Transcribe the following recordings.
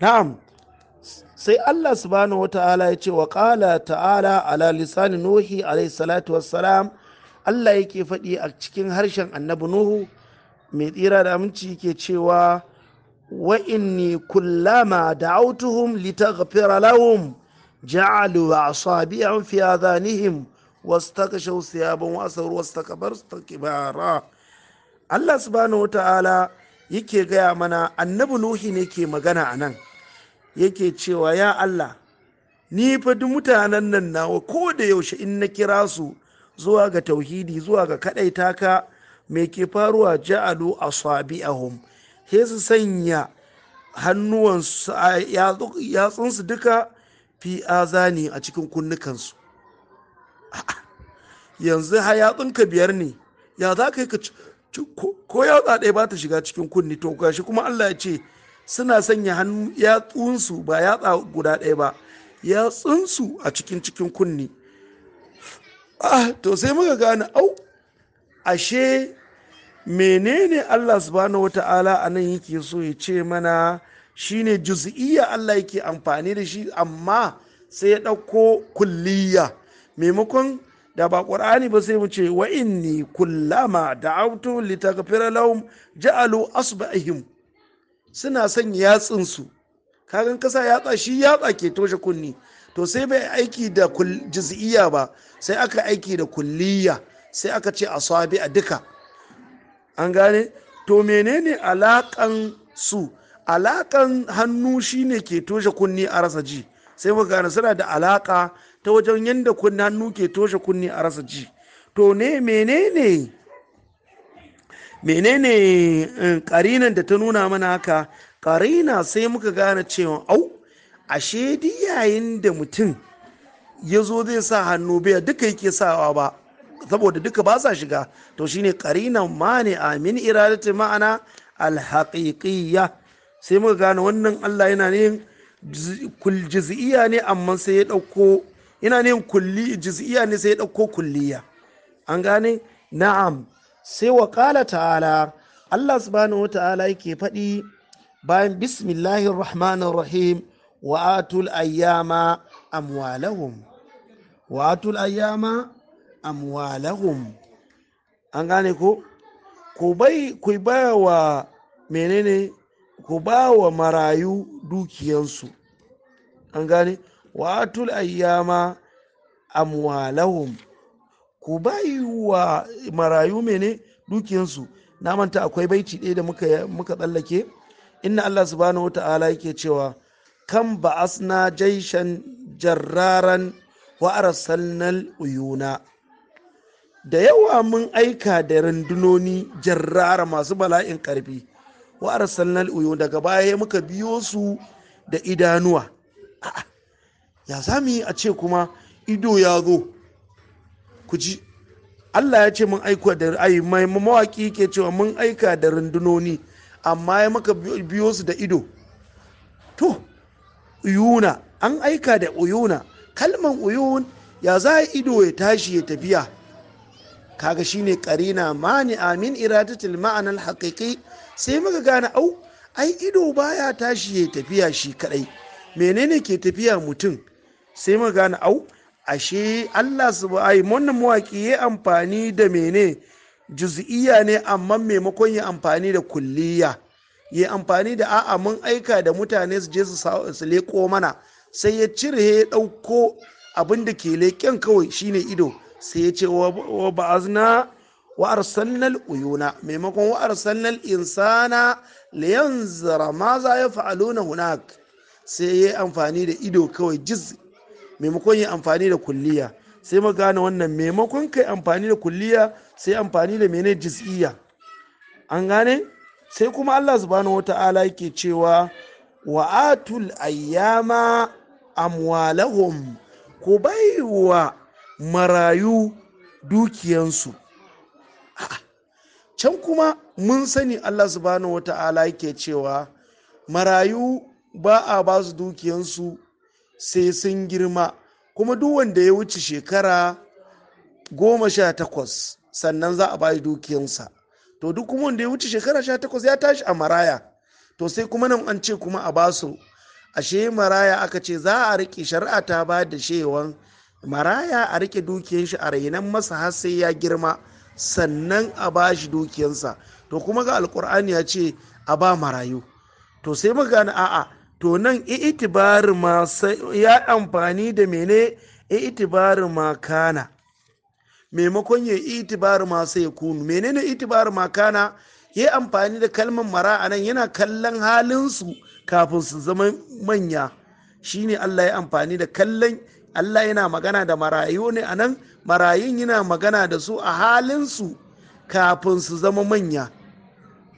na'am sai Allah subhanahu ta'ala ya ce wa kala ta'ala ala lisani nuhi alayhi salatu wassalam Allah yake faɗi a cikin harshen annabi nuhu mai tsira da aminci yake cewa wa inni kullama da'awtuhum litaghfira lahum ja'alu asabi'ahum fi adhanihim wastakashaw thiyabahum wa asaru wastakbaru Allah subhanahu ta'ala yake gaya mana annabi nuhi ne ke magana anan yake cewa ya Allah ni fa duk mutanen nan nawa ko da yaushe in na kira su zuwa ga tauhidi zuwa ga kadaita taka me ke faruwa ja'alu asabi'ahum he su sanya hannuwansu yatsunsu duka fi azani a cikin kunnukansu yanzu ha yatsunka biyar ne ya za ka yi ka ko yatsa ɗaya ba ta shiga cikin kunni to gashi kuma Allah ya ce suna sanya hannu yatsunsu ba yatsa guda ɗaya ba yatsunsu a cikin cikin kunni ah to sai muka gane au ashe menene Allah subhanahu wata'ala a nan yake so ya ce mana shine juz'iyya Allah yake amfani da shi amma sai ya ɗauko kulliya maimakon da ba ƙur'ani ba sai mu ce wa inni kullama da'awtu litaghfira lahum ja'alu asba'ihim suna son yatsinsu kagan kasa yatsa shi yatsa ke toshe kunni to sai bai aiki da jiz'iya ba sai aka aiki da kulliya sai aka ce asabi a duka an gane to menene alakan su alakan hannu shine ke toshe kunni a rasa ji sai muka gane suna da alaka ta wajen yadda kunni hannu ke toshe kunni a rasa ji to ne menene menene karinan eh, da ta nuna mana haka karina sai muka gane cewa au ashe duk yayin da mutum ya zo zai sa hannu biya duka yake sawa ba saboda duka ba sa shiga to shine karinan ma ne amin iradatin ma'ana alhaƙiƙiyya sai muka gane wannan allah yana ne kuljiziya ne amma sai ya ɗauko yana ne kulli jiziya ne sai ya ɗauko kulliya an gane na'am sai wa ƙala ta'ala Allah subhanahu wa ta'ala yake faɗi bayan bismillahir rahmanir rahim wa atul ayyama amwalahum wa atul ayyama amwalahum an gane ko ku bai ku ba menene ku bawa marayu dukiyansu an gane wa atul ayyama amwalahum ku yi wa marayu mene dukiyansu na manta akwai baiti ɗaya da muka tsallake inna Allah subhanahu wa ta'ala yake cewa kan ba asna jaishan jarraran wa arsalnal uyuna da yawa mun aika da rundunoni jarrara masu bala'in karfi wa arsalnal uyun daga baya muka biyo su da idanuwa ya sami a ce kuma ido ya zo ku ji Allah ya ce mun aika da ra'ayi mai mawaki ke cewa mun aika da rundunoni amma ya maka biyo su da ido to uyuna an aika da uyuna kalman uyun ya za ido ya tashi ya tafiya kaga shine karina mani amin iradatul ma'anar hakiki sai muka gane au ai ido baya tashi ya tafiya shi kadai menene ke tafiya mutum sai muka gane au ashe Allah su ai wannan mawaki ya amfani da mene juz'iyya ne amma maimakon ya amfani da kulliya ya amfani da a'a mun aika da mutane su je su leko mana sai ya cire ya dauko abin da ke leken kawai shine ido sai ya ce wa ba'azna wa arsalnal uyuna maimakon wa arsalnal insana yanzara ma za ya fa'aluna hunak sai ya amfani da ido kawai juz'i maimakon ya amfani da kulliya sai mu gane wannan maimakon kai amfani da kulliya sai amfani da mene jiz'iyya an gane sai kuma Allah subhanahu ta'ala yake cewa wa atul ayyama amwalahum ku baiwa marayu dukiyansu can kuma mun sani Allah subhanahu ta'ala yake cewa marayu ba a ba su dukiyansu sai sun girma kuma duk wanda ya wuce shekara goma sha takwas sannan za a bayi dukiyansa to duk kuma wanda ya wuce shekara sha takwas ya tashi a maraya to sai kuma nan an ce kuma a basu ashe maraya aka ce za a rike shari'a ta ba da shewan maraya a rike dukiyan shi a rainan masa har sai ya girma sannan a ba shi dukiyansa to kuma ga alkur'ani ya ce a ba marayu to sai mu gane a'a to nan itibarin ma ya amfani da mene itibarin ma kana maimakon ya itibarin ma sai ya kunu menene itibari ma kana ya amfani da kalmar mara a nan yana kallon halinsu kafin su zama manya shine Allah ya amfani da kallon Allah yana magana da marayu ne a nan marayun yana magana da su a halinsu kafin su zama manya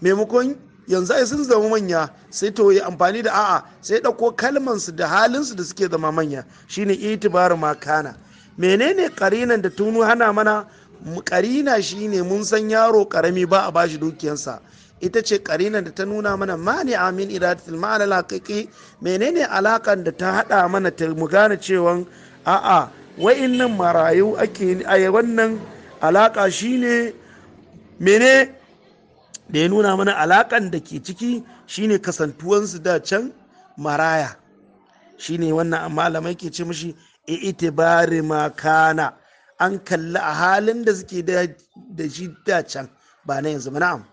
maimakon yanzu ai sun zama manya sai to yi amfani da a'a sai ɗauko kalmansu da halinsu da suke zama manya shine itibaru makana menene karinan da tunu hana mana karina shine mun san yaro karami ba a bashi dukiyansa ita ce karinan da ta nuna mana mani amin iradatul ma'ana laqiqi menene alakan da ta hada mana ta mu gane cewa a'a wa'innan marayu ake a wannan alaka shine mene da ya nuna mana alaƙan da ke ciki shine kasantuwansu da can maraya shine wannan malamai ke ce mashi bari makana an kalli a halin da suke da shi da can ba na yanzu na'am